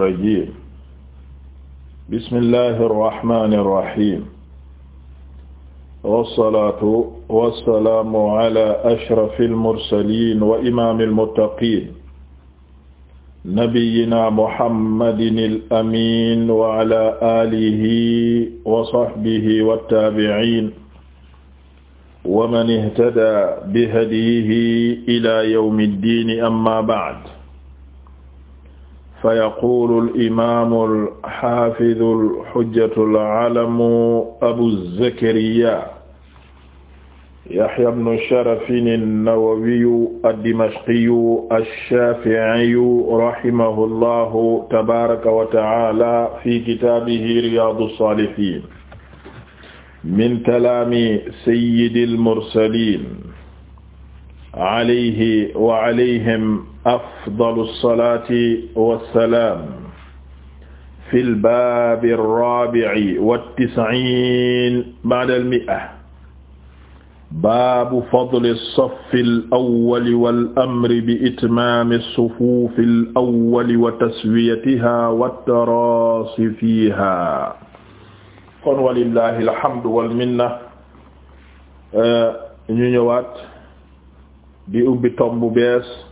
rajim bismillahi arrahmani irrahim walsalatu walsalaamu ala ashrafi almursalin wa imami almuttaqin nabiyina mohammadin alamin wa ala alihi wa sahbihi wattabi'in wa man ihtada bihadyihi ila yawmi ddin amma ba'd fa yaqulu al-imaamu al-xaafidu al-xujjatu al-alamu abu zakariyaa yaxya bnu sharafin an-nawawiyu ad-dimashqiyu ash-shaafi'iyu rahimahu llahu tabaaraka wa ta'aala fi kitaabihi riyaadu saalihiin min kalaami sayyidi al-mursaliin alayhi wa alayhim afdalu salaati wa salaam fil baabi raabi'i wa tis'iin ba'dal mi'a baabu fadli safil awwali wal amri bi itmaami sufuufil awwali wa taswiyatihaa wa taraasi fiihaa. kon walillaahi alhamdu wal minna eh, ñu ñëwaat di ubbi tomb bees.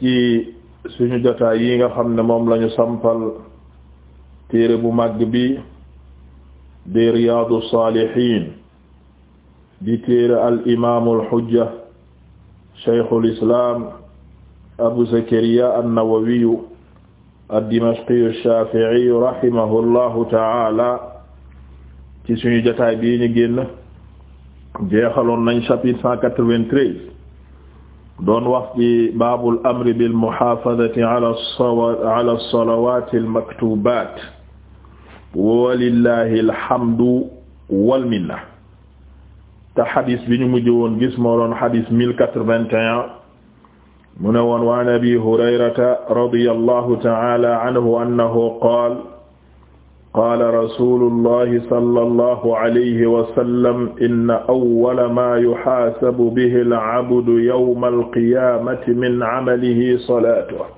ci suñu jotaay yi nga xam ne moom lañu sampal téere bu màgg bi di riyaadu saalihiin di téere al imaamu al xujja sheykhul islaam abu zakariya an-nawawiyu ad-dimashqiyu ash-shaafi'iyu rahimahullahu ta'ala ci suñu jotaay bii ñu génn jeexaloon nañ chapitre 193 doon wax ci baabul amri bil muhaafadati ala ala salawaati al maktubaat walillahi alhamdu wal minna te xadis bi ñu mujj woon gis moo doon xadis mille quatre-vingt-un mu ne woon wa an abi hurayrata radiyallahu ta'ala anhu annahu qaala qaala rasuulullahi sallallahu alayhi wa sallam inna awwala maa yuhaasabu bihi al-abdu yawma al-qiyaamati min amalihi salaatuhu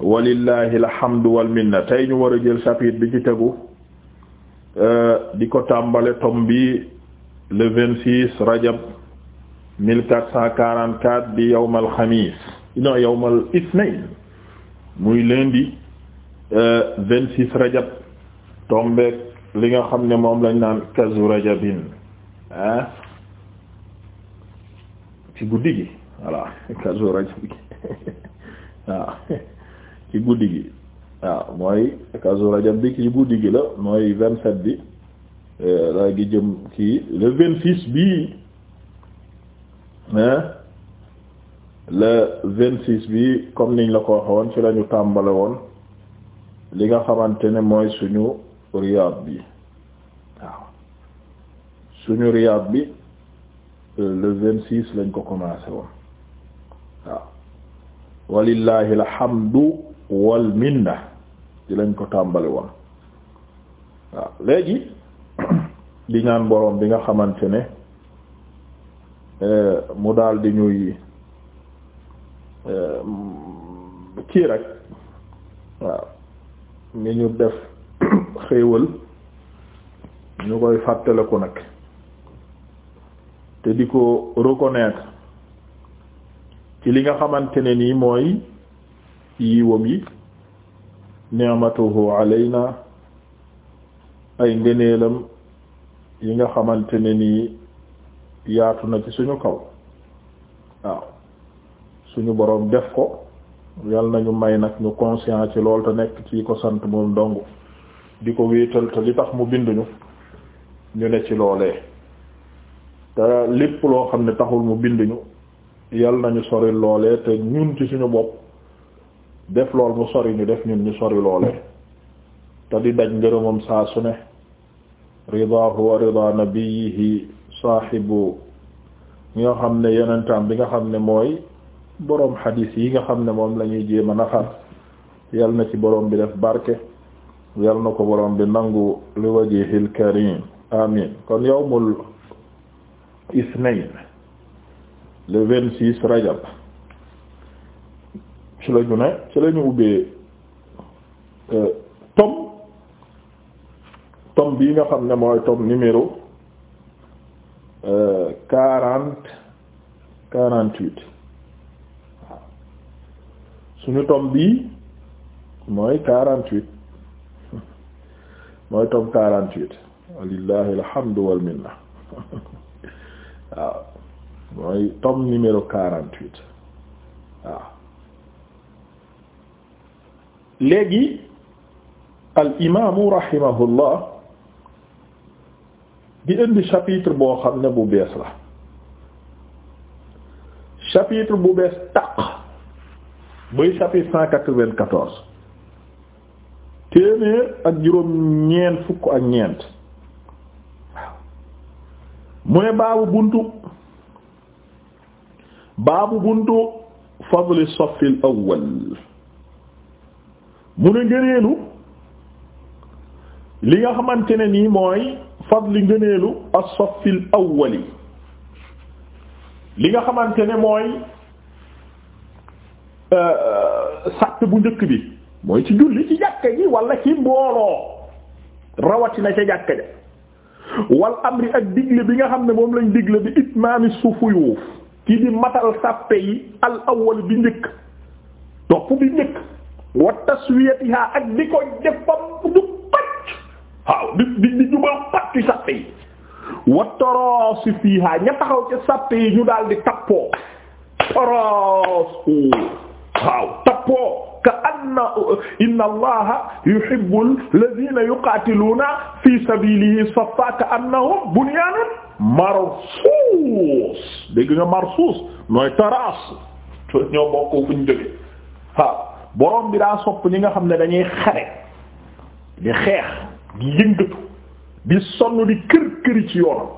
walillahi alhamdu wal minna tey ñu war a jël chapitre bi ci tegu di ko tàmbale tome bi le vingt-six rajab mille quatre cent quarante-quatre di yawmal xamiis non yawmal isnayn muy lundi vingt-six rajab tombeek li nga xam ne moom lañ naan kazu rajabin ah ci guddi gi voilà kazu rajab gi waaw ci guddi gi waaw mooy kazu rajab bi ci guddi gi la mooy vingt sept bi euh, la gi jëm kii le vingt six bii le vingt six bi comme niñ la ko waxoon ci la tàmbale woon li nga xamante ne mooy suñu Riyad bi waaw suñu Riyad bi euh, le lañ ko commencé woon waaw walillahi alhamdu wal minna lañ ko tàmbali woon waaw léegi di ñaan boroom bi nga xamante ne euh, mu daal di ñuy euh, kii rek waaw ni ñu def xéewal ñu koy ko nag te di ko reconnaître ci li nga xamante ne nii mooy yiwam yi ni'matuhu na ay ngëneelam yi nga xamante ne nii yaatu na ci suñu kaw waaw suñu boroom def ko yal nañu may nag ñu conscient ci lool te nekk ci ko sant moom dong di ko wéetal te li tax mu binduñu ñu ne ci loolee te lépp loo xam ne taxul mu binduñu yal nañu sori loolee te ñun ci suñu bopp def lool mu sori ñu def ñun ñu sori loolee te di daj ngërëmam saa su ne ridaahu wa ridaa nabiyihi saahibu ñi nga xam ne yonentam bi nga xam ne mooy boroom xadiis yi nga xam ne moom lañuy ñuy jéem naxar yal na ci boroom bi def barke yal na ko borom bi nangu li wajihil karim amin kon yawmul isnayn le vingt-six rajab ci lañu ne ci lañu ubbee euh, tom tom bii nga xam ne mooy tom numéro euh, quarante quarante-huit suñu tom bii mooy quarante-huit mooy tome quarante-huit walillahi alhamdu wal minna mooy tome numéro quarante-huit waaw léegi al imaamu di indi chapitre boo xam ne bu bees la chapitre bu bees taq buy chapitre cent quatre-vingt-quatorze téeméer ak juróom ñeent fukk ak ñeent waaw mu ne baabu buntu baabu buntu fadli safil awwal mu ne ngëneelu li nga xamante ne nii mooy fadli ngëneelu as-safil awwali li nga xamante ne mooy euh, sàpp bu njëkk bi mooy ci julli ci jàkka ji wala ci mbooloo rawatina ca jàkka ja wal amri ak digle bi nga xam ne moom lañ digle bi itmaami sufuyuf ki di matal sàppe yi al awwal bi njëkk topp bi njëkk wa taswiyatiha ak di ko defam du pacc waaw di di di jubal pacc sàppe yi wa torosi fiiha ña taxaw ca sàppe yi ñu daal di tappoo torosu waaw tappoo ka anna inna allaha yuhibbul ladina yuqaatiluuna fi sabilihi saffan ka annahum bunyaanun marsuus dégg nga marsuus mooy taraas ñoo bokk fu ñu jógee waaw borom bi daa sopp ñi nga xam ne dañuy xare di xeex di yëngatu di sonn di kër këri ci yoonam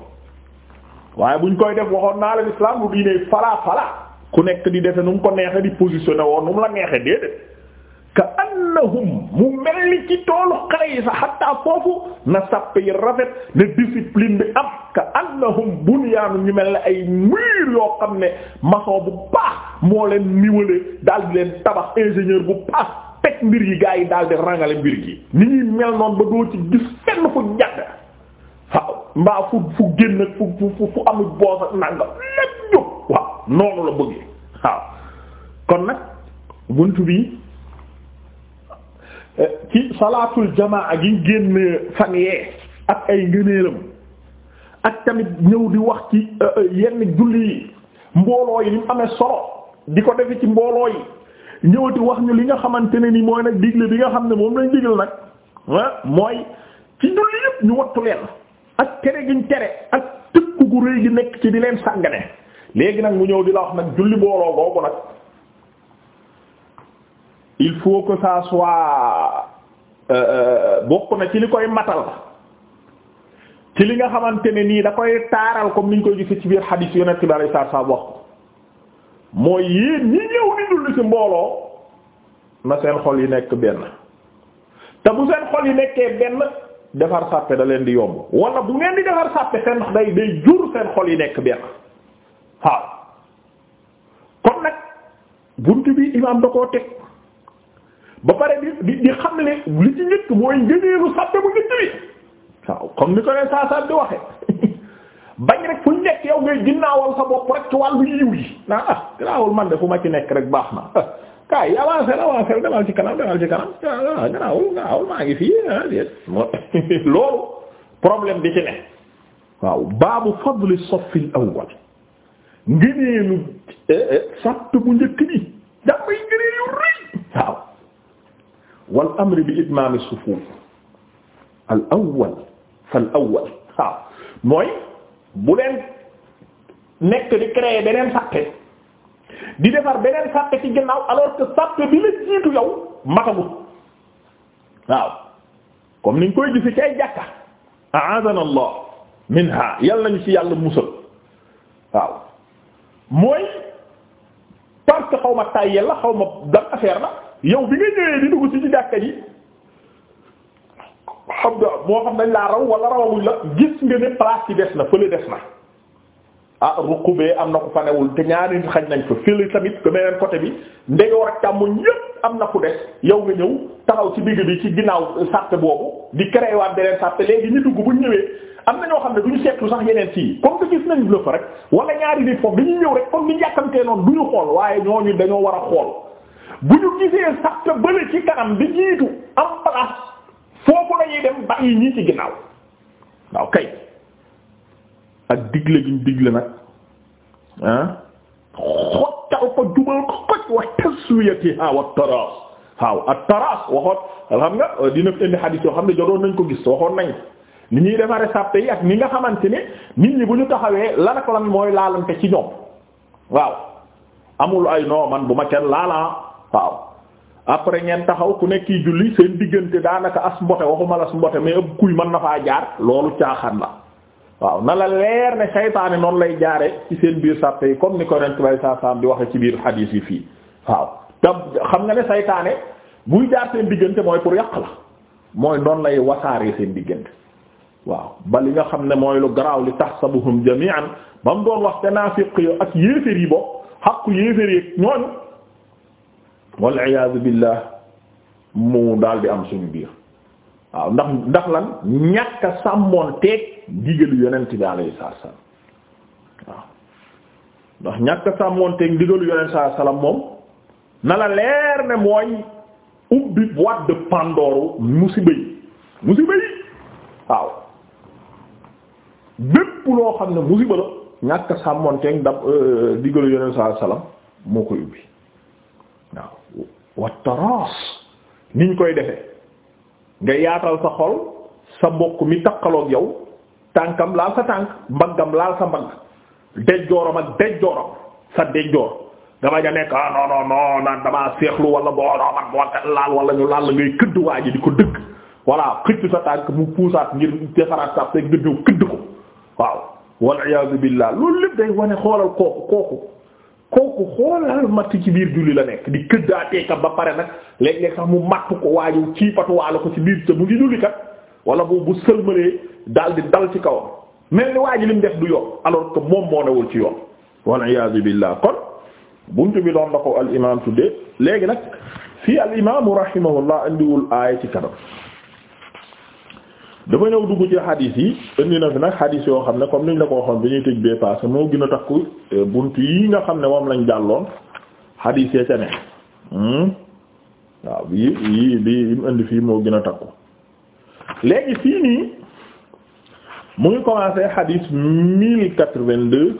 waaye buñ koy def waxoon naa la lislaam lu diine falaa falaa ku nekk di defe nu mu ko neexe di positionné woon nu mu la neexe déedéet ka annahum mu mel ni ci toolu xare yi sax xatta foofu na sàpp yi rafet ne discipline bi am ka annahum bunyaanu ñu mel ne ay mur yoo xam ne maçon bu baax moo leen niwale daal di leen tabax ingénieur bu baax teg mbir yi gaa yi daal di rangale mbir gi ni ñuy mel noonu ba doo ci gis fenn fu njàdd waaw mbaa fu fu génn fu fu fu boos ak nanga lépp jóg waaw noonu la bëggee waaw kon nag buntu bi ci salaatul jamaa gi génn fan yee ak ay ngëneelam ak tamit ñëw di wax ci euh, euh, yenn julli yi mbooloo yi ni mu amee solo di ko defee ci mbooloo yi ñëwati wax ñu li nga xamante ne ni mooy nag digle bi nga xam ne moom lañ digal nag ah, mooy ci julli yëpp ñu wattu leen ak tere giñ tere ak tëkku gu rëy gi nekk ci di leen sàngane léegi nag mu ñëw di la wax nag julli mbooloo googu nag il faut que ça soit euh, euh, bokk na ci li koy matal ci li nga xamante ni nii da koy taaral comme niñ koy gise ci biir xadiis yonent bi alayhi salaatu salaam wax mooy yéen ñi ñëw di julli ci mbooloo na seen xol yi nekk benn te bu seen xol yi nekkee benn defar sàppe da leen di yomb wala bu ngeen di defar sàppe seen day day jur seen xol yi nekk benn waaw kon nag bunt bi imaam da koo teg ba pare di di xam ne li ci njëkk mooy ngëneelu sàppe bu njëkk bi waaw comme ni ko leen saa saa di waxe bañ rek fu ñu nekk yow ngay ginnaawal sa bopp rek ci wàllu yiw yi naa ah, ah man de fu ma ci nekk rek baax na ah, kaay avancé avancé demal ci kanam demal ci kanam ah, ah garaawul garaawul maa ngi fii loolu problème bi ci ne waaw baabu fadli saffil awwal ngëneelu eh, eh, sàppe bu njëkk bi damay ngëneelu rëy waaw. wal amri bi itmaam as-sufuf al awwal fal awwal waaw mooy bu leen nekk di créer beneen sàppe di defar beneen sàppe ci ginnaaw alors que sàppe bi la jiitu yow matagut waaw comme niñ koy gisi ci ay jàkka a'adana allah minha yàlla nañu ci yàlla musal waaw mooy parce que xaw ma tàyyel la xaw ma dam affaire la yow bi nga ñëwee di dugg ci ci jàkka ji xam nga moo xam dañ laa raw wala rawawuñ la gis nga ne place ci des na fële des na ah ruqubee am na ko fa newul te ñaari nit xaj nañ fa fële tamit que beneen côté bi ndeyoor ak am na ku yow nga ñëw taxaw ci digg bi ci ginnaaw sàppe boobu di créé waat beneen sàppe léegi ñu dugg bu ñëwee am na ñoo xam ne du ñu seetlu sax yeneen sii comme que gis nañ la fa rek wala ñaari nit foofu dañuy ñëw rek comme ni ñu yàkkamtee noonu du ñu xool waaye ñooñu dañoo war a xool. bu ñu gisee sàpp bële ci kanam di jiitu am place foofu lañuy dem bàyyi ñii ginnaaw waaw kay ak digle gi ñu digle nag ah xottal ko jubal ko xoj wa taswiyatiha wa taras ak taras waxoon xam nga dina fi indi xadiis yoo xam ne jotoon nañ ko gis waxoon nañ ni ñuy defaree sàpp yi ak ni nga xamante ne nit ñi bu ñu taxawee lan lan mooy laalante ci ñoom waaw amul ay non bu ma kenn laalaa waaw après ngeen taxaw ku nekk kii julli seen diggante daanaka as mbote waxuma la as mbote mais ëpp kuy man na faa jaar loolu caaxaan la waaw na la leer ne saytaane noonu lay jaare ci seen biir sàppe yi comme ni ko rent bay saa di waxe ci biir xadiis yi fii waaw te xam nga ne saytaane buy jaar seen diggante mooy pour yàq la mooy noonu lay wasaaree seen diggante waaw ba li nga xam ne mooy lu garaaw li tax tahsabuhum jami'an ba mu doon wax te naafiq yo ak yéeféer yi bo xaqu yéeféer yi ñooñu wal iyaazu billah mu daal am suñu biir waaw ndax ndax lan ñàkk a sàmmoon teeg digalu yonent bi alayhi salaam waaw ndax ñàkk a sàmmoon teeg digalu yonent saa salaam moom na la leer ne mooy ubbi boîte de Pandore musiba yi musiba yi waaw bépp loo xam ne musiba la ñàkk a sàmmoon teeg dab euh, digalu yonent saa salaam moo koy ubbi. waaw wattaraas niñ koy defee nga yaatal sa xol sa mbokk mi takkaloog yow tànkam laal sa tànk mbaggam laal sa mbagg dejjooram ak dejjooram sa dejjoor dama ja nekk ah non non non naan damaa seexlu wala boo man moo laal wala ñu laal la ngay këdd waa ji di ko dëgg voilà xëcc sa tànk mu puusaat ngir defaraat sa te gëdd këdd ko waaw wal iyaazu billaah loolu lépp day wane xoolal kooku kooku kooku xoolal matt ci biir julli la nekk di këddaatee kat ba pare nag léeg-léeg sax mu matt ko waayu ci patuwaale ko ci biir te mu ngi julli kat wala boobu bu sëlmalee daal di dal ci kawam mel ni waa ji li mu def du yoon alors que moom moo newul ci yoon. wal iyaazu billaah kon buntu bi doon la ko al imaam tuddee léegi nag fii al imaamu rahimahullah indiwul aaya ci kanam. dafa ñëw dugg ci xadis yi indi na fi nag xadis yoo xam ne comme niñ la ko waxoon bi ñuy tëj bee paase moo gën a takku euh, bunt yi nga xam ne moom lañ jàlloon xadis ya ca ne hmm? waaw yi yi bi mu indi fii moo gën a takku léegi fii nii mu ngi commencé xadis mille quatre-vingt-deux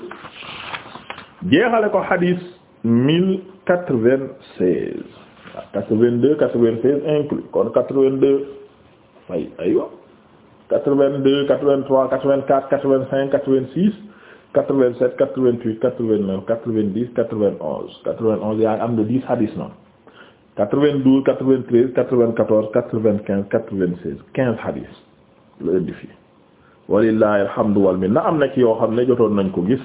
jeexale ko xadis mille quatre-vingt-seize quatre-vingt-deux quatre-vingt-seize inclus kon quatre-vingt-deux ay aywa 82 83 84 85 86 87 88 89 90 91 91 yaa ngi am na 10 hadis na 92 93 94 95 96 15 hadis la indi fii walillahi alhamdu wal minna am na ci yoo xam ne jotoon nañ ko gis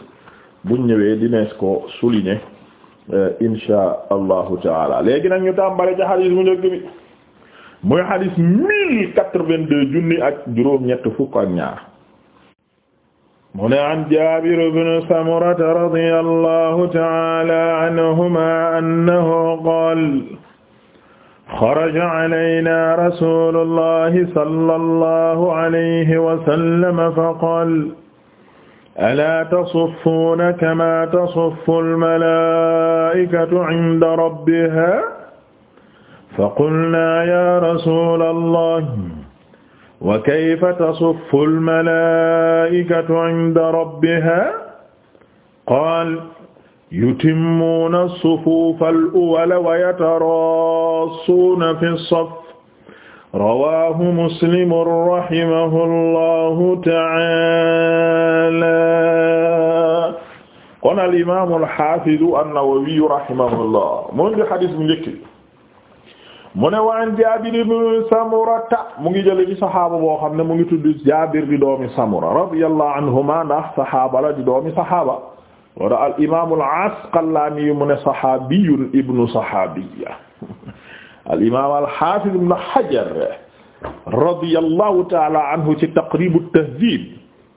buñ ñëwee dinees ko souligner euh, insha allahu taala léegi nag ñu tàmbali ci hadis mu njëkk bi muy xadis mille quatre-vingt-deux junni ak juróom-ñett fukk ak ñaar mu ne an Jaabir ibn Samurata radiyallahu ta'ala anhuma annahu qaala xaraja alaynaa rasuulullahi sallallahu alayhi wa sallam faqaala alaa tasuffuuna kamaa tasuffu al-malaa'ikatu 'inda rabbihaa فقلنا يا رسول الله وكيف تصف الملائكة عند ربها قال يتمون الصفوف الأول ويتراصون في الصف رواه مسلم رحمه الله تعالى kon al imaam al haafiz an-Nawawi rahimahullah mu ngi hadiis bu njëkk mu ne waan ibn Samurata mu ngi jële ci saxaaba boo xam ne mu ngi tudd Jaabir di doomi Samura radiyallahu anhuma ndax saxaaba la di doomi saxaaba wala al al Asqalaani mu ne saxaabiyun ibnu saxaabiya al imaam al haafiz ibn Hajar radiyallahu ta'ala anhu ci Taqrib at-Tahdhib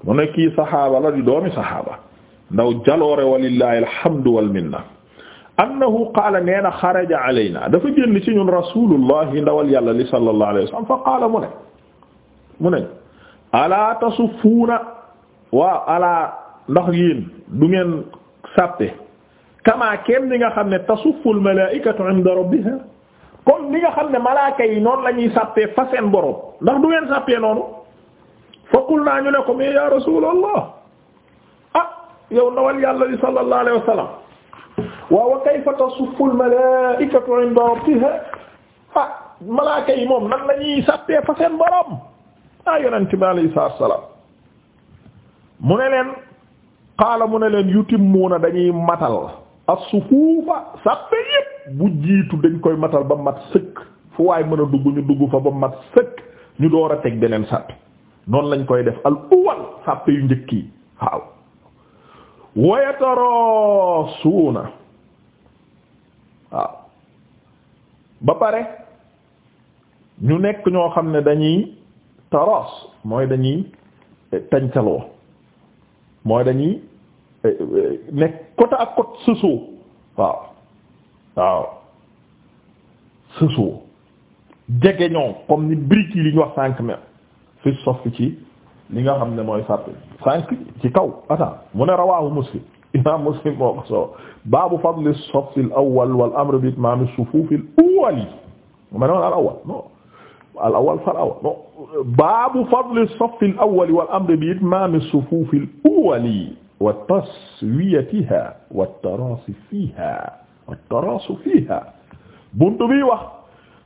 mu ne kii saxaaba la di doomi saxaaba ndaw jaloore walillahi alhamdu wal minna annahu qaala nee na xaraja alayna dafa génn ci ñun rasulullah yi na yàlla li sallallahu alayhi wa sallam fa qaala mu ne mu ne alaa tasuffuuna waaw alaa ndax yéen du ngeen sàppe kamaa kenn li nga xam ne tasuffu al malaa'ikatu inda rabbiha comme li nga xam ne malaaka yi noonu la ñuy sàppee fa seen borom ndax du ngeen sàppee noonu fa qulnaa ñu ne ko mais ya rasulallah ah yow ndawal yàlla li sallallahu alayhi waaw wa kayfa tasuffu al-malaa'ikatu 'inda rabbiha ah malaaka yi moom nan la ñuy sàppee fa seen borom ah yonent bi alayhi salaam mu ne leen qaala mu ne leen yutimmuuna dañuy matal as-sufuufa sàppe yépp bu jiitu dañ koy matal ba mat sëkk fu waay mën a dugg ñu dugg fa ba mat sëkk ñu door a teg beneen sàppe noonu lañ koy def al uwal sàppe yu njëkk yi waaw wa yatarasuuna waaw ba pare ñu nekk ñoo xam ne dañuy taros mooy dañuy eh, tañcaloo mooy dañuy eh, eh, nekk côte à côte waaw waaw sësoo jege ñoo comme ni brique yi wax cinq mètres fi sof ci li nga xam ne mooy sàpp cinq ci kaw ata mu ne rawaahu muslim imaam Muslim moo ko soo baabu fadli as-saffi al-awwal wal amri bi itmaami as-sufuufi al-awwali ma ne al awwal non al awwal fal awwal non baabu fadli as-saffi al-awwal wal amri bi itmaami as-sufuufi al-awwali wa taswiyatihaa wa at-taraasi fiihaa wa at-taraasu fiihaa buntu bi wax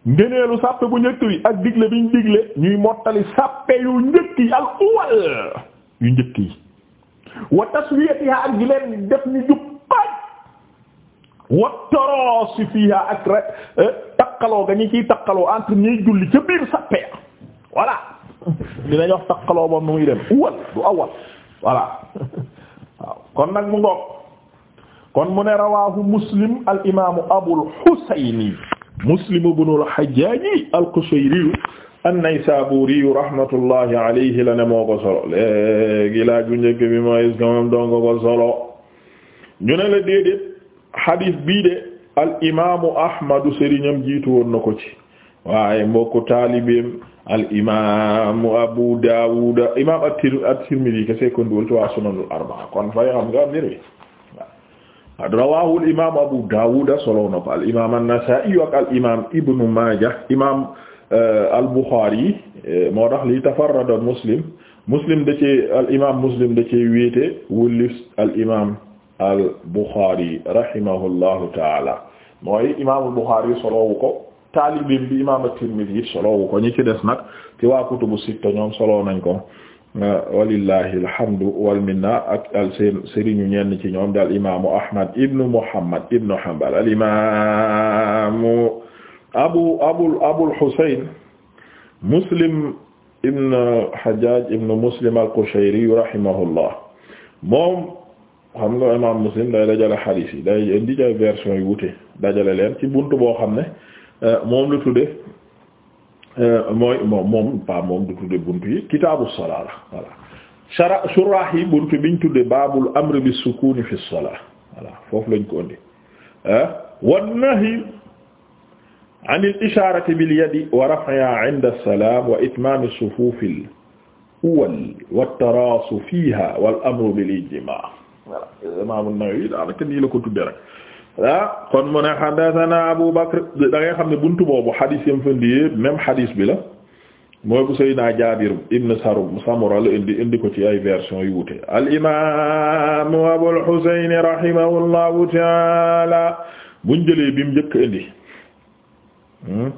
ngëneelu sàppe bu njëkk bi ak digle biñ digle ñuy mottali sàppe yu njëkk yi al awwal yu njëkk yi wa taswiyatiha ak di leen def ñu jub xaaj wa torosi fiha ak rek eh, takkaloo ga ñu ciy takkaloo entre ñuy julli ca biir sappee voilà dinañ wax takkaloo moom uwal du kon nag mu kon mu ne rawahu muslim al imaamu abul xusayni muslim ibnul xajjaaji al an-Naysaburi rahmatullahi alayhi la ne moo solo léegi laaj bu njëkk mooy est-ce que moom solo ñu ne la déedéet bii de al imaamu Ahmadu sëriñam jiitu woon ci waaye mbokku taalibeem al imaamu Abu Dawud imaam at-Tirmidhi kese ko ci waa sunanul arba'a kon fay xam nga mbir mi rawahu al imaam Abu Dawud solo na al imaam an-Nasa'i al imaam Ibn Majah imaam. Euh, al-Bukhari euh, moo tax li tafarrada Muslim Muslim da cee al imaam Muslim da cee wéete wullis al imaam al-Bukhari rahimahullahu taala mooy imaamul Bukhari soloowu ko taalibin bi imaam at-Tirmidhi soloowu ko ñi des nag ci waa kutubu sitta ñoom soloo nañ ko euh, walillahi alhamdu wal minna ak al seen sëriñu ci ñoom daal imaamu Ahmad ibnu Muhammad ibnu Hanbal abu abul abul Husayn Muslim ibn Hajjaj ibn Muslim al-Qushayri rahimahullah moom xam nga imaam Muslim day dajale xadiis yi day indi ay version yu wute dajale leen ci bunt boo xam ne euh, moom lu tudde euh, mooy moom moom pas moom du tudde bunt yi kitaabu salaa la voilà shara surah yi bunt biñ tudde baabul amri bis sukuuni fi salaa voilà foofu lañ ko indi ah euh, wan nahi an al-ishaarati bil-yadi wa raf'ihaa 'inda as-salaam wa itmaami as-sufuuf al-awwal wat-taraasu fiihaa wal-amru bil-ijmaa' voilà Imaam an-Nawawi daanaka nii la ko tuddee rek ah kon mu ne haddathanaa Abu Bakr da ngay xam ne buntu boobu xadis yam fandi yépp même xadis bi la mooy bu Seydina Jaabir ibn Sarum Samura la indi indi ko ci ay version yu wuute al-Imaam Abul Husayn rahimahullahu ta'aala buñ jëlee bim njëkk indi. Hmm?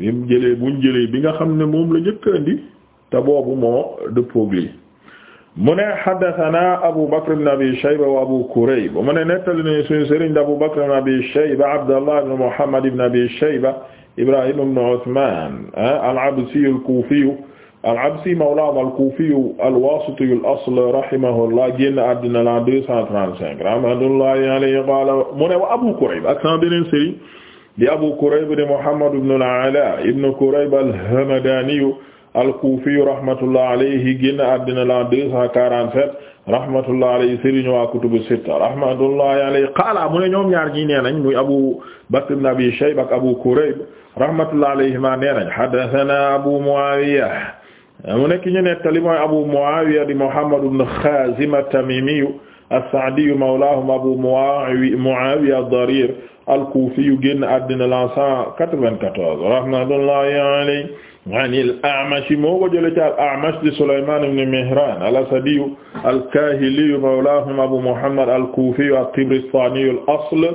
bim jëlee buñ jëlee bi nga xam ne moom la njëkk ndi te boobu moo dëppoog lii mu ne haddathana Abu Bakr ibn Abi Shayba wa Abu Kurayb mu ne nettali Abu Bakr ibn Abi Shayba Abdallah ibn Muhammad ibn Abi Shayba Ibrahim ibn Uthman ah, al-Absi al-Kufi al kufi al-Wasiti al-asl rahimahullah génn àddina la 235 rahmatullahi alayhi qala mu ne wa Abu Kurayb ak sama beneen di Abu Kurayb di Muhammad ibn al-Ala ibn Kurayb al-Hamadaniyu al-Kufiyu rahmatullah alayhi génn àddina la 247 rahmatullah alayhi sëriñ waa kutubu sitta rahmatullahi alayhi qaala mu ne ñoom ñaar ñi nee nañ muy Abu Bakr ibn Abi Shayba ak Abu Kurayb rahmatullah alayhima nee nañ haddathana Abu Muawiya mu nekk ñu nettali mooy Abu Muawiya di Muhammad ibn Khazim at-Tamimiyu as-Sa'di mawlaahum Abu Mu'aawiya ad-Dariir al-Kuufi génn àddina la 194 rahmatullahi alayhi an al-A'mash moo ko jëlee ci al-A'mash di Sulaymaan ibn Mihraan al-Asadi al-Kaahili mawlaahum Abu Muhammad al-Kuufi at-Tabaristaani al-asl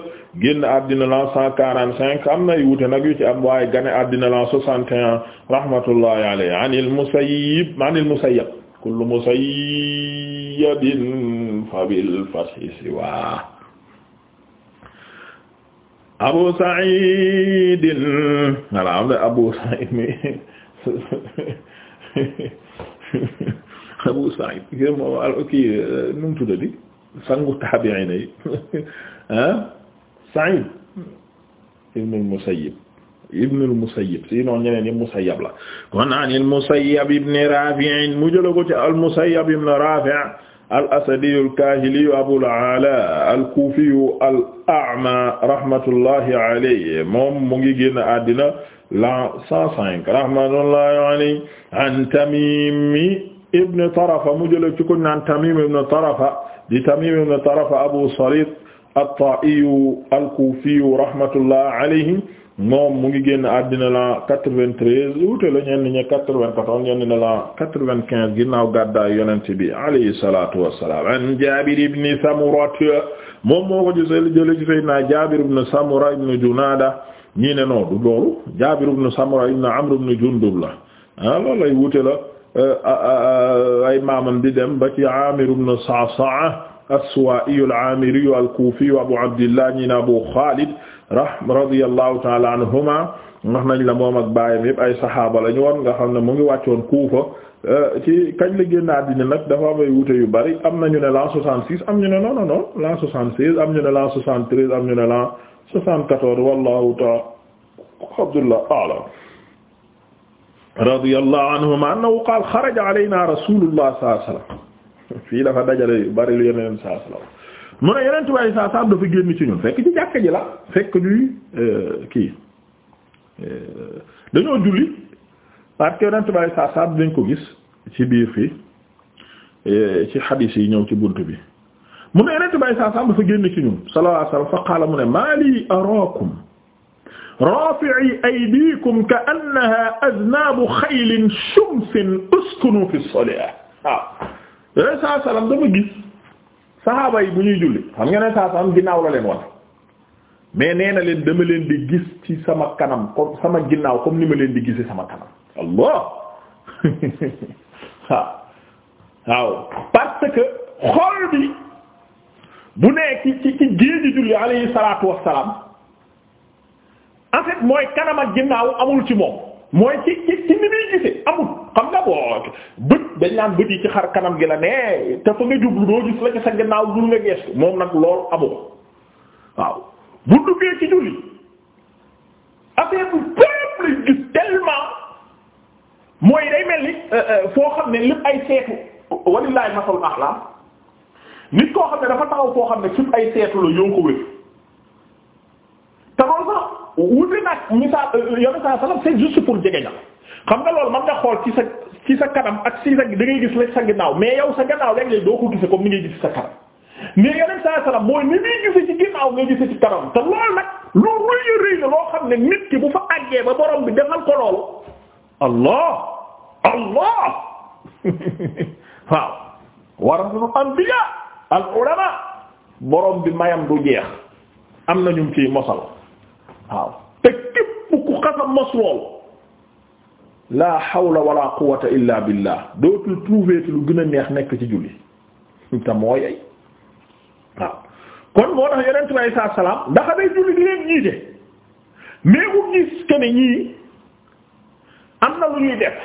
génn àddina la 145 am na ay wuute nag yu ci am waaye gane àddina la 61 rahmatullahi alayhi an al-Musayyib an al-Musayyab kullu Musayyabin fabil fathi siwa abu sa'id wala am na abu sa'id mi abu sa'id ki moom al ki nu mu tuddati sangu tabi'in yi ah sa'id ibn al-musayyib ibn al-musayyib si noon ñeneen yëpp musayyab la kon an al-musayyab ibn rafi' mu jëla ko ci al-musayyab ibn rafi' al asadiyu al kaahiliyu abul ala al kuufiyu al a'ma rahmatullahi alayhi moom mu ngi génn àddina l'an 105 rahmatullahi alayhi an tamimi ibn tarafa mu jële ci ko naan tamim ibn tarafa di tamim ibn tarafa abu salit at-ta'iyu al kuufiyu rahmatullahi alayhi moom mu ngi génn àddina la quatre-vingt-treize wuute la ñenn ñi quatre-vingt-quatorze ñenn ne la quatre-vingt-quinze ginnaaw gàddaay yonent bi alayhi salaatu wassalaam an Jaabir ibn Samura moom moo ko gisee jële ci Seydina Jaabir ibn Samura ibn Junaada ñii ne noo du loolu Jaabir ibn Samura ibn Amr ibn Jundub la ah loolu ay wuute la eh, ay maamam di dem ba ci Aamir ibn Sa'sa'a as-Suwaa'i al-Aamiri al-Kuufi Abu Abdillah ñi ne Abu Xaalid rahma radiyallahu taala anhuma wax nañ la moom ak baayam yëpp ay saxaaba lañu woon nga xam ne mu ngi wàccoon Kuufa euh, ci kañ la génn àddina nag dafa am ay wuute yu bari am nañu ne l'an 66 am ñu ne non non non l'an 76 am ñu ne l'an 73 am ñu ne l'an 74 wallahu taala abdullah a'lam radiyallahu anhuma annahu qaala xaraja alaynaa rasuulullah sallallahu alayhi wasallam fii dafa dajale yu bari lu yeneen sallallahu alayhi wasallam mu ne yeneen tubaab yi dafa génn ci ñun fekk ci jàkka ji la fekk ñuy euh, kii euh, dañoo julli parce que yeneen tubaab dañ ko gis ci biir fii euh, ci xadiis yi ñëw ci bunt bi mu ne yeneen tubaab yi dafa génn ci ñun sallallahu alayhi fa qaala mu ne maa lii araakum rafi'i aydiikum ka annaha aznaabu xaylin shumsin uskunu fi salaah waaw yeneen saa dafa gis saxaaba yi bu ñuy julli xam nga ne saa saam ginnaaw la leen wan mais nee na leen dama leen di gis ci sama kanam comme sama ginnaaw comme ni ma leen di gisi sama kanam allah waaw ah. waaw parce que xol bi bu nekk ci ci géeji julli alayhi salaatu wassalaam en fait mooy kanam ak ginnaaw amul ci moom mooy ci ci ci ni muy gisee amul xam nga boo bët dañ naan bët yi ci xar kanam gi la ne te fa nga jublu doo gis la ci sa ginnaaw dul nga geestu moom nag loolu amu ko waaw bu duggee ci julli affaire bu bëri lañ gis tellement mooy day mel ni euh, euh, foo xam ne lépp ay seetu walillahi masalul a'la nit koo xam ne dafa taxaw foo xam ne suuf ay seetu la ñoo ko wér te loolu sax wute nag misaal yoonu saa salaam c'est juste pour jege xam nga loolu man nga xool ci sa ci sa kanam ak ci sa da ngay gis rek sa ginnaaw mais yow sa gannaaw léeg-léeg ko gis sa kanam mais yeneen saa salaam mooy ni muy gisee ci ginnaaw ngay gisee loolu nag lu rëy a rëy la xam ne nit ki bu fa àggee ba borom bi defal ko loolu allah allah waaw warasul anbiya al ulama borom bi mayam du jeex am na ñu ciy mosal. waaw te képp ku xasa mos lool la hawla wala quwwata illa billah dootul trouver lu gën a neex nekk ci julli te mooy ay waaw kon moo tax yonent bi alayhi salaatu salaam ndaxa day julli di leen jiite lu ñuy def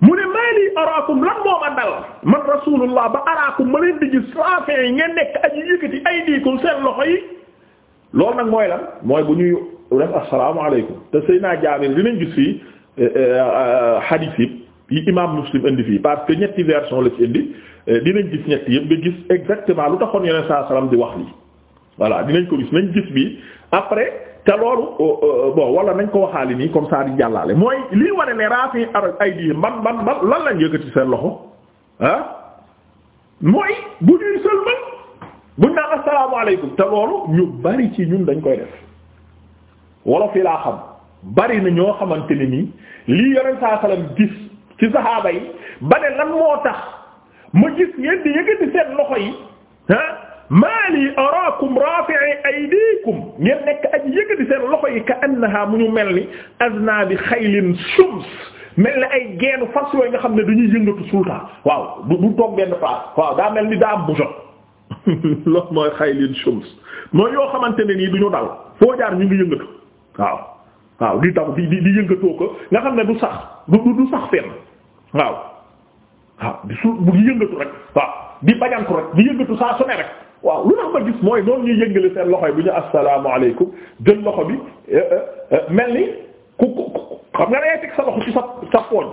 mu ne maa lii araakum lan moo ma dal man rasulullah ba araakum ma leen di gis saa ngeen nekk aji yëkkati ay diikum seen loxo yi. loolu nag mooy la mooy bu ñuy def asalaamaaleykum te Seydina Jaabir dinañ gis fii hadith eh, eh, eh, yi yi imaam Muslim indi fii parce que ñetti version la ci indi dinañ gis ñetti yëpp nga gis exactement lu taxoon yeneen saa salaam di wax lii voilà dinañ ko gis nañ gis bi après te loolu oh, oh, bon wala nañ ko waxaale nii comme ça di jàllale mooy lii wane ne raafi ar ay di ban ban ban lan lañ yëkkati seen loxo ah mooy bu ñuy sëlmal buñ naan asalaamaaleykum te loolu ñu bari ci ñun dañ koy def wolof yi laa xam bari na ñoo xamante ne nii lii yonent saa salaam gis ci saxaaba yi ba ne lan moo tax ma gis ngeen di yëkkati seen loxo yi ah maa lii araakum raafi'i ngeen nekk ak yëkkati seen loxo yi ka annaha mu ñu mel ni bi xaylin shums mel ni ay geenu fas yooyu nga xam ne dañuy yëngatu sultaan waaw du du toog benn place waaw daa mel ni daa am bouchon. loolu mooy xaylin shums mooy yoo xamante ne nii du ñu dal foo jaar ñu ngi yëngatu waaw waaw di taw di di yëngatoo ko nga xam ne du sax du du sax fenn waaw waaw di su bu yëngatu rek waaw di bajantu rek di yëngatu saa su ne rek waaw lu tax ma gis mooy noonu ñuy yëngale seen loxo yi bu ñu assalaamu alaykum jël loxo bi eh, eh, eh, mel ni ku ku xam nga day teg sa loxo ci sa sa pooj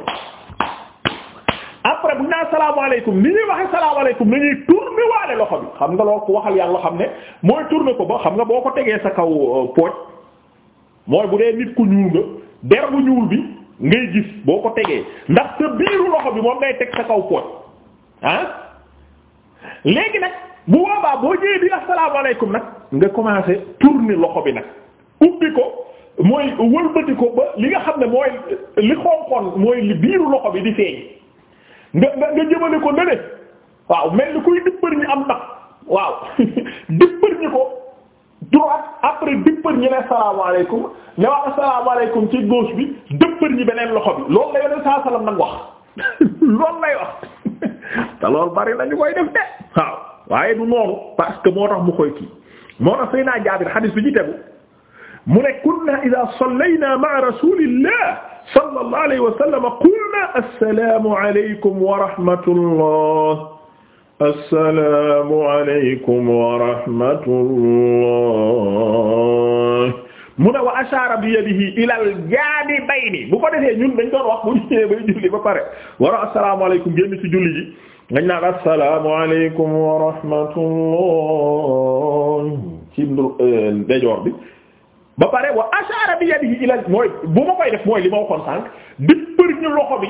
après bu ñu naan salaamaaleykum ni ñuy waxee salaamaaleykum la ñuy tourner waale loxo bi xam nga loo ko waxal yàlla xam ne mooy tourner ko ba xam nga boo ko tegee sa kaw euh, pooj mooy bu dee nit ku ñuul nga der bu ñuul bi ngay gis boo ko tegee ndax sa biiru loxo bi moom ngay teg sa kaw pooj ah léegi nag bu boobaa boo ñëwee di asalaamaaleykum nag nga commencer tourner loxo bi nag ubbi ko. mooy wëlbati ko ba li nga xam ne mooy li xonqoon mooy biiru loxo bi di feeñ nga nga nga jëmale ko nële waaw mel ni kuy dippar ñi am nag waaw dippar ñi ko droite après dippar ñi ne salaamaaleykum ne wax salaamaaleykum ci gauche bi dëppar ñi beneen loxo bi loolu la yoneen saa salaam nag wax loolu lay wax te loolu bari nañu koy def de waaw waaye du noonu parce que moo tax mu koy kii moo tax Seydina Jaabir xadiis bi ñu tegu mu ne kunna ida sallayna ma'a rasulillah sallallahu alayhi wa sallam qulna assalamu alaykum wa rahmatullah assalamu alaykum wa rahmatullah mu ne wa ashara bi yadihi ila al jaanibayni bu ko defee ñun dañ doon wax bu ñu ñëwee bay julli ba pare wara assalamu alaykum génn ci julli ji ngañ naan assalamu alaykum wa rahmatullah ci euh, ndejoor bi ba pare wa ashara bi yadihi ila mooy bu ma koy def mooy li ma waxoon sànq dippër loxo bi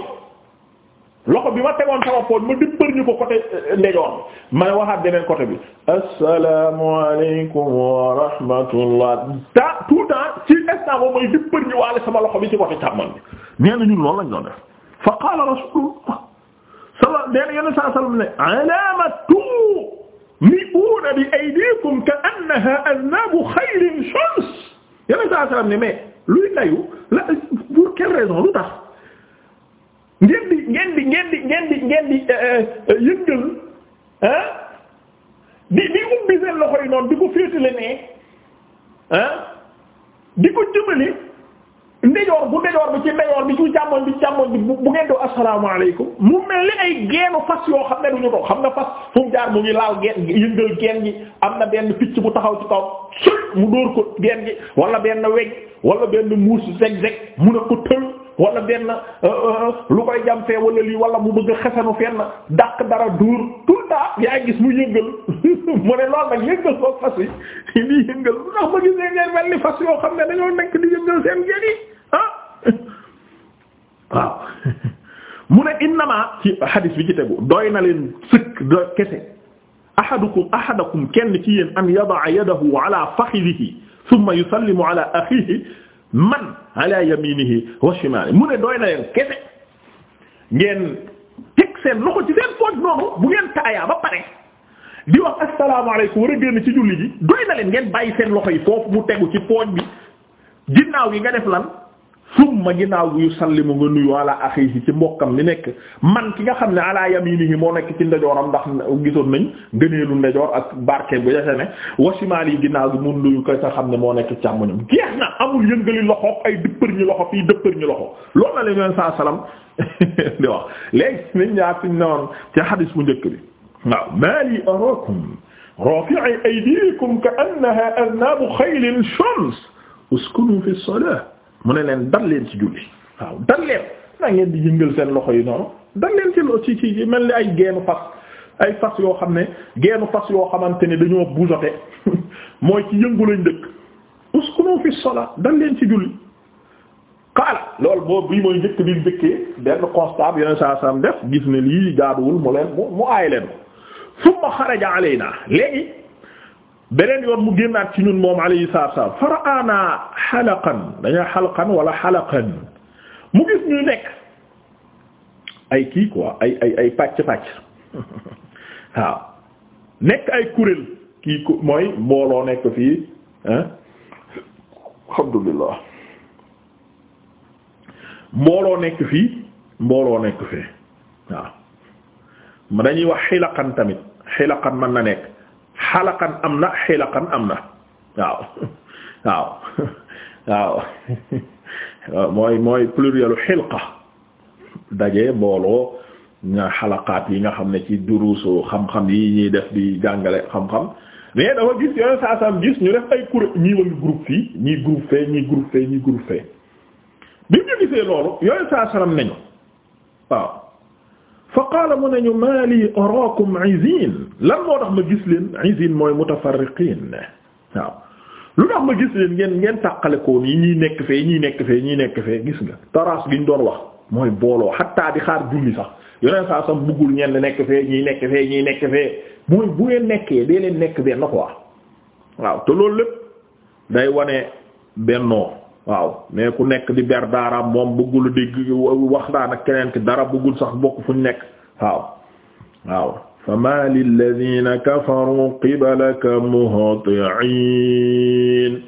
loxo bi ma tegoon sama pooj ma dippër ñu ko côté euh, ndejoor bi ma waxaat beneen côté bi assalaamu alaykum wa rahmatullah ta tout temps ci instant moom mooy dippër ñu waale sama loxo bi ci côté càmmoñ bi nee na ñun loolu lañ doon def fa qaala rasulullah sala nee na yoneen saa sallam ne alamatu mi'una bi aydikum ka annaha aznabu xayrin shams yeneen saa salaam ne mais luy nayu la pour quelle raison lu tax ngeen di ngeen di ngeen di ngeen di ngeen di euh, euh, yëngal ah di di ubbi seen loxo yi noonu di ko féetale ne ah di ko jëmale. ndejoor bu ndejoor bi ci ndejoor bi ci càmmoñ bi càmmoñ bi bu ngeen doo asalaamaaleykum mu mel ni ay geenu fas yoo xam ne duñu dox xam nga fas fu mu jaar mu ngi laal geen geen gi am na benn picc bu taxaw ci kaw mu dóor ko geen gi wala benn weg wala benn muus zeg-zeg mu ne ko tël wala benn euh, euh, lu koy jam fee wala lii wala mu bëgg a xesanu fenn dàq dara duur tout le temps yaa gis mu yëngal mu ne loolu nag yëngal ko fas yi di yëngal ndax ma yoo xam ne dañoo nekk di yëngal seen génn yi ah waaw mu ne innama ci hadis bi ci tegu doy na leen sëkk doy kese ahadukum ahadakum kenn ci yéen an yadaa yadahu ala fakhidhihi thumma yusallimu na leen kese seen loxo ci seen pooj noonu bu ngeen taayaa ba pare di wax asalaamaaleykum war a génn ci julli ji doy na leen ngeen bàyyi seen loxo yi foofu mu tegu ci pooj bi ginnaaw yi nga def lan summa ginnaaw gu yusallimu nga nuyu ala akhihi ci mbokkam li nekk man ki nga xam ne ala yaminihi moo nekk ci ndejooram ndax gisoon nañ gëneelu ndejoor ak barke bu yase ne wa shimaali ginnaaw gi mun nuyu ko nga xam ne moo nekk càmmoñam jeex na amul yëngali loxo ay dëppër ñi loxo fii dëppër ñi loxo loolu la leen yoon saa salaam di wax léegi nañ ñaar suñ ne ci xadis bu njëkk bi waaw mali arakum rafi'i aydikum ka annaha aznabu xaylin shams uskunu fi salah mu ne leen dal leen ci julli waaw dal leen naa ngeen di yëngal seen loxo yi noonu dal leen ci lo ci ci mel ni ay geenu fas ay fas yoo xam ne geenu fas yoo xamante ni dañoo buusate mooy ci yëngu lañ dëkk uskunu fi sola dal leen ci julli xaala loolu boobu bii mooy njëkk bi njëkkee benn constat bi yeneen saa sam def gis ne lii jaaduwul mu leen mu mu aay leen ko summa xaraja alayna léegi beneen yoon mu génnaat ci ñun moom alayhi salaatu wa salaam fara'aana xalaqan dañoo xalqan wala xalaqan mu gis ñuy nekk ay kii quoi ay ay ay pàcc pàcc waaw nekk ay kuréel kii ko mooy mbooloo nekk fii ah alhamdulillah mbooloo nekk fii mbooloo nekk fii waaw dañuy wax xilaqan tamit xilaqan man na nekk. xalaqan am na xilaqan am na waaw waaw waaw mooy mooy plurielu xilqa daje mbooloo ña xalaqaat yi nga xam ne ci duruusu xam-xam yi ñuy def di jàngale xam-xam mais dafa gis yooyu saa saam gis ñu def ay kuréel ñii wëngi groupe fii ñii groupe fee ñii groupe fee bi ñu gisee loolu yooyu saa salaam nañu waaw fa qaala mu nañu maa lii araakum izin lan moo tax ma gis leen izin mooy mutafarriqin waaw lu tax ma gis leen ngeen ngeen tàqale yi ñuy nekk fee ñuy nekk fee ñuy nekk fee gis nga taraas gi ñu doon wax mooy booloo xattaa di xaar julli sax yeneen saa sax bëggul ñenn nekk fee ñuy nekk fee ñuy nekk fee mooy bu ngeen nekkee dee leen nekk benn quoi waaw te loolu lépp day wane bennoo waaw mais ku nekk di ber daaraam moom bëggul dégg waxtaan ak keneen ki dara bëggul sax bokk fu ñu nekk waaw waaw fama lilladina kafaru qibalaka muhti'in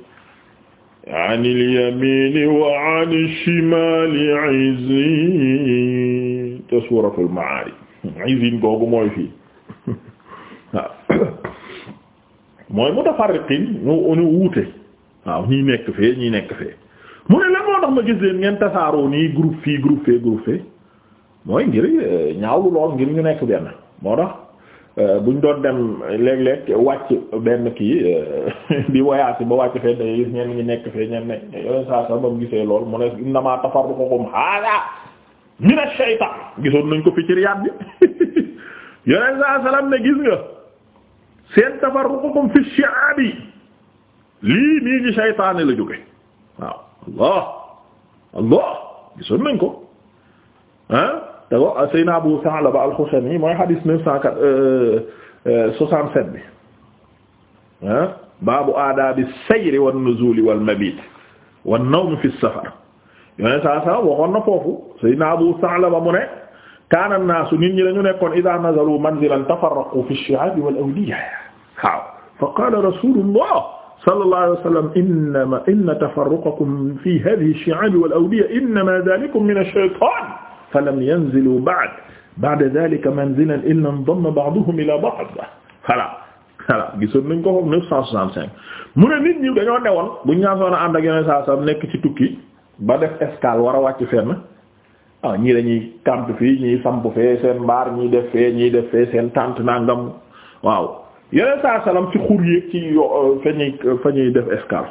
an ilyamini wa an shimali izin te suratul ma'arij izin googu mooy fii waaw mooy mutafarriqin ñu ñu wuute waaw ñii nekk fee ñii nekk fee ma gis leen ngeen tasaaroo nii groupe fii groupe fee groupe fee mooy ngir eh, ñaawlu lool ngir ñu nekk benn moo tax eh, buñ doon dem léeg-léeg wàcc benn kii eh, di voyage ba wàcc fee day gis ñenn ñi nekk fee ñenn yeneen saa sax ba mu gisee lool mu ne innamaa tafarruqukum haadaa mina shaytaan gisoon nañ ko fi ci Riyaad bi yeneen saa salaam ne gis nga seen tafarruqukum fi shi'aabi lii nii ci shaytaane la jóge waaw Allah allah gisoon nañ ko ah te ko Seydina Abu Sa'laba al-Xushani mooy xadiis neuf cent euh, euh, soixante-sept bi ah baabu aadaabi sayri wan-nuzuuli wal-mabiit wan-nawmi fi safar yoneen saa saa waxoon na foofu Seydina Abu Sa'laba mu ne kaana an-naasu nit ñi dañu nekkoon idaa nazalu manzilan tafarraqu fi ash-shi'aabi wal-awdiya waaw fa qaala rasuulullah sallallahu alayhi wa sallam innama inna tafarruqakum fi hadhihi ash-shi'ab wal awdiya innama dhalikum min ash-shaytan falam yanzilu ba'd ba'da dhalika manzilan illa indamma ba'duhum ila ba'd voilà voilà gisoon nañ ko foofu 965 mu ne nit ñi dañoo newoon bu ñu ñaasoon a ànd ak yeneen saa saam nekk ci tukki ba def escale war a wàcc fenn ah ñii dañuy camp fii ñii samp fee seen mbaar ñii def fee ñii def fee seen tànt nangam waaw yeneen saa salaam ci xur ci yo- euh, fa ñuy euh, fa ñuy def escale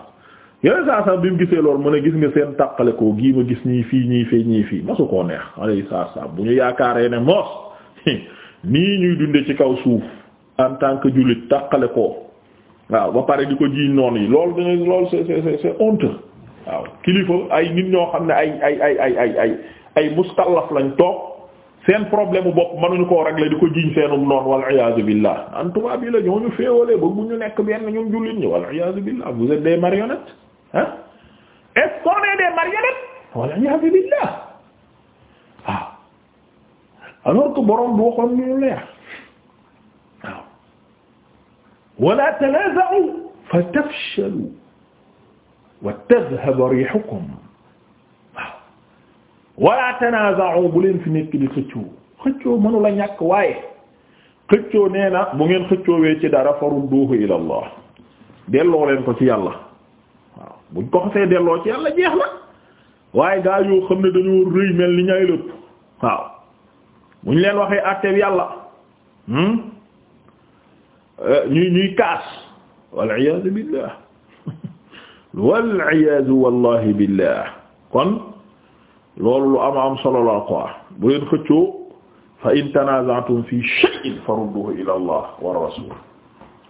yeneen saa salaam bi mu gisee lool mu ne gis nga seen tàqale gii ma gis ñii fii ñii fee ñii fii masu koo neex saa salaam bu ñu yaakaaree ne moos nii ñuy dundee ci kaw suuf en tant que jullit tàqale ko waaw ba pare di ko jiiñ noonu yi loolu dañuy loolu c'est c'est c'est honteux waaw kilifa ay nit ñoo xam ne ay ay ay ay ay ay ay mustallaf lañ toog seen problème bu bopp mënuñu koo régler di ko jiñ seenum noonu wal iyaazu billah an tubaab yi la ñoo ñu féewalee ba bu ñu nekk benn ñun jullit ñi wal iyaazu billah vous êtes des marionnettes hein est-ce qu'on borom bu leer waaw wala tanaaza'u fatafshalu wa tadhhaba riihukum wala tanaza'u bu leen fi nekk di xëccoo xëccoo mënu ñàkk waaye xëccoo nee na bu ngeen xëccoowee ci dara farudduhu ila Allah delloo leen ko ci yàlla waaw buñ ko xasee delloo ci yàlla jeex na waaye gaa yoo xam ne dañoo rëy mel ni ñaay lépp waaw buñ leen waxee àtteeb yàlla hmm? eh, ñuy ñuy kaas wal iyaazu wal wallahi billah kon loolu lu am am solo la quoi bu leen xëccoo fa in tanaza'tum fi shay'in farudduhu ila allah wa rasul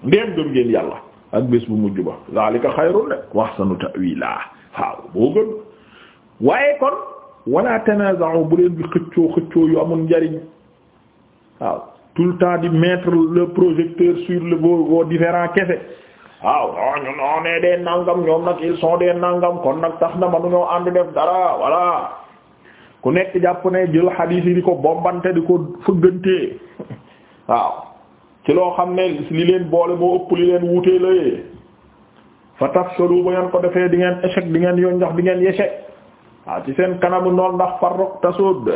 ndéem gëm ngeen yàlla ak bés bu mujj ba zalika xayrun wa ahsanu ta'wila waaw boo gën waaye kon wala tanaza'u bu leen bi xëccoo xëccoo yu amul njariñ waaw tout le temps di mettre le projecteur sur le vos vos kese waaw non ñun on ñoom nag ils sont des nangam kon nag tax na mënuñoo ànd def dara voilà. ku nekk jàpp na jël xadiis yi di ko bombante di ko fëggantee waaw ci loo xam ne li leen boole boo ëpp li leen wutee layee fa tafshalu ba ngeen ko defee di ngeen échec di ngeen yoon ndax di ngeen échec waaw ci seen kanamu noonu ndax farrok tasod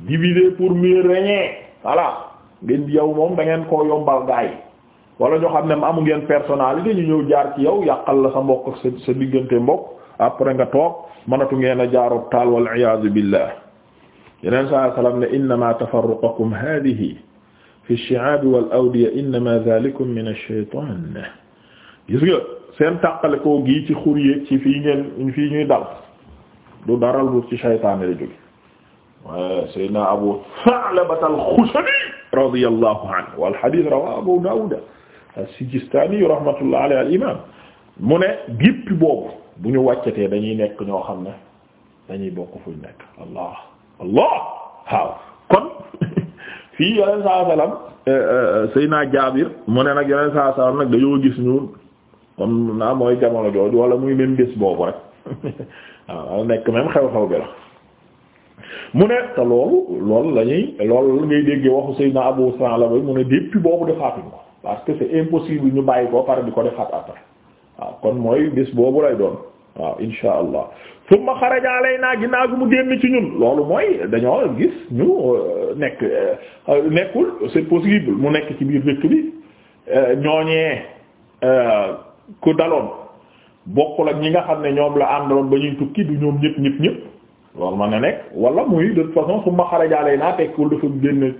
diviser pour mieux régner voilà ngeen yow moom dangeen ngeen koo yombal gaay wala ñoo xam ne amu ngeen personnalité ñu ñëw jaar ci yow yàqal la sa mbokk sa sa diggante mbokk après nga toog mënatu ngeen a jaaroob taal wal iyaazu billah yeneen saa salaam ne innama tafarruqakum hadihi fi shi'abi wal awdiya innama dhalikum min ash-shaytan gis nga seen tàqale koo gii ci xur yi ci fii ngeen fii ñuy dal du daral bu ci shaytaan la jóge waaye Seydina Abu Tha'labata al-Khushani radiyallahu anhu wal hadith rawahu Abu Dawud as-Sijistani rahmatullahi alayhi al-imam mu ne gépp boobu bu ñu wàccatee dañuy nekk ñoo xam ne dañuy bokk fuñ nekk allah allah waaw kon fii yoneen saa salaam Seydina Jaabir mu ne nag yoneen saa salaam nag dañoo gis ñuul comme naa mooy jamono jooju wala muy même bés boobu rek ah, waaw nekk même xew-xew bi la mu ne te loolu loolu la ñuy loolu ngay déggee waxu Seydina Abu Salama mu ne depuis boobu defaatuñ ko parce que c'est impossible ñu bàyyi koo pare di ko defaat après waaw kon mooy bis boobu lay doon waaw insha allah summa xaraja alaynaa ginnaaw gi mu génn ci ñun loolu mooy dañoo gis ñu euh, nekk euh, nekkul c'est possible mu nekk ci biir dëkk bi euh, ñooñee ku daloon bokkul ak ñi nga xam ne ñoom la àndaloon ba ñuy tukki du ñoom ñëpp ñëpp ñëpp loolu mën na nekk wala muy de toute façon summa xaraja alaynaa tekkul dafa génn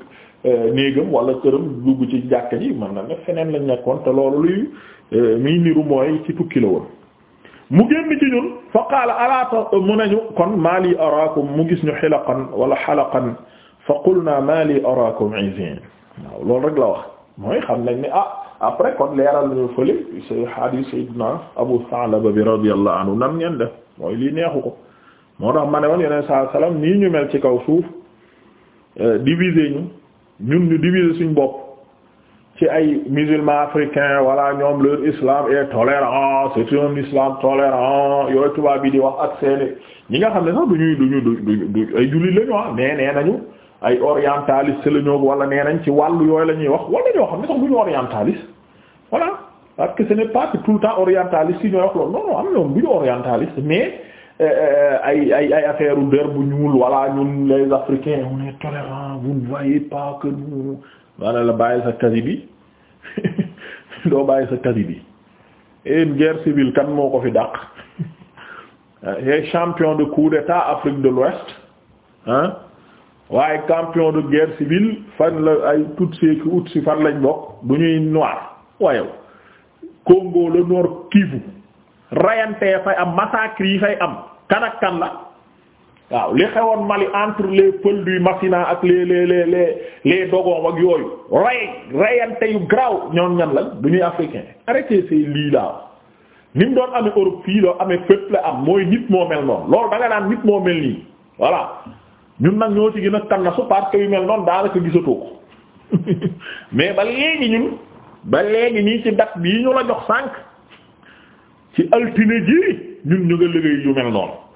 Euh, néegam wala këram dugg ci jàkka ji man na ne feneen lañ nekkoon te loolu luy euh, muy niru mooy ci tukki la woon mu génn ci ñun fa qaala alaata euh, mu nañu kon maa lii araakum mu gis ñu xilaqan wala xalaqan fa qulna maa lii araakum izin waaw loolu rek la wax mooy xam nañ ni ah après kon leeral nañu fële say hadith sayyidina Abu Sa'laba bi radiyallahu anhu nan ngeen def mooy lii neexu ko moo tax ma ne woon yeneen saa salaam nii ñu mel ci kaw suuf divisé ñu ñun ñu diviser suñ bopp ci ay musulmans africains wala ñoom leur islam est tolérant c'est un islam tolérant yooyu tubaab di wax ak seeni ñi nga xam ne sax du ñuy du du du ay jullit la ñu ah mais nee nañu ay orientaliste la ñu wala nee nañ ci wàllu yooyu la ñuy wax wala ñoo xam ne sax du ñu orientaliste voilà parce que ce n'est pas que tout le temps orientaliste yi ñooy wax loolu non am na ñoom bu ñu orientaliste mais. ay ay ay affaire bu ñuul walla ñun les africains on est tolérants vous ne voyez pas la bàyyi sa kasi bi doo bàyyi sa kasi bi et une guerre civile kan moo ko fi dàq et champion de coup d'état Afrique de l'Ouest hein waaye champion de guerre civile fan la ay Tutsi ki Hutsi fan lañ bokk du ñuy noir waaye Congo le Nord Kivu rayantee fay am massacre yi fay am kan ak kan la waaw li xewoon Mali entre les Peuls du Mafina ak les les les les les Dogon ak yooyu ray rayante yu graw ñoom ñan la du ñuy africain arrêtez ces lii laa ni mu doon amee Europe fii loo amee fépp la am mooy nit moo mel noonu loolu da nga nit moo mel nii voilà ñun nag ñoo ci gën a tannasu parce que yu mel noonu daanaka gisatoo ko mais ba léegi ñun ba léegi ñii ci date bii ñu la jox sànq. ci altine ji ñun ñu nga liggéey yu mel noonu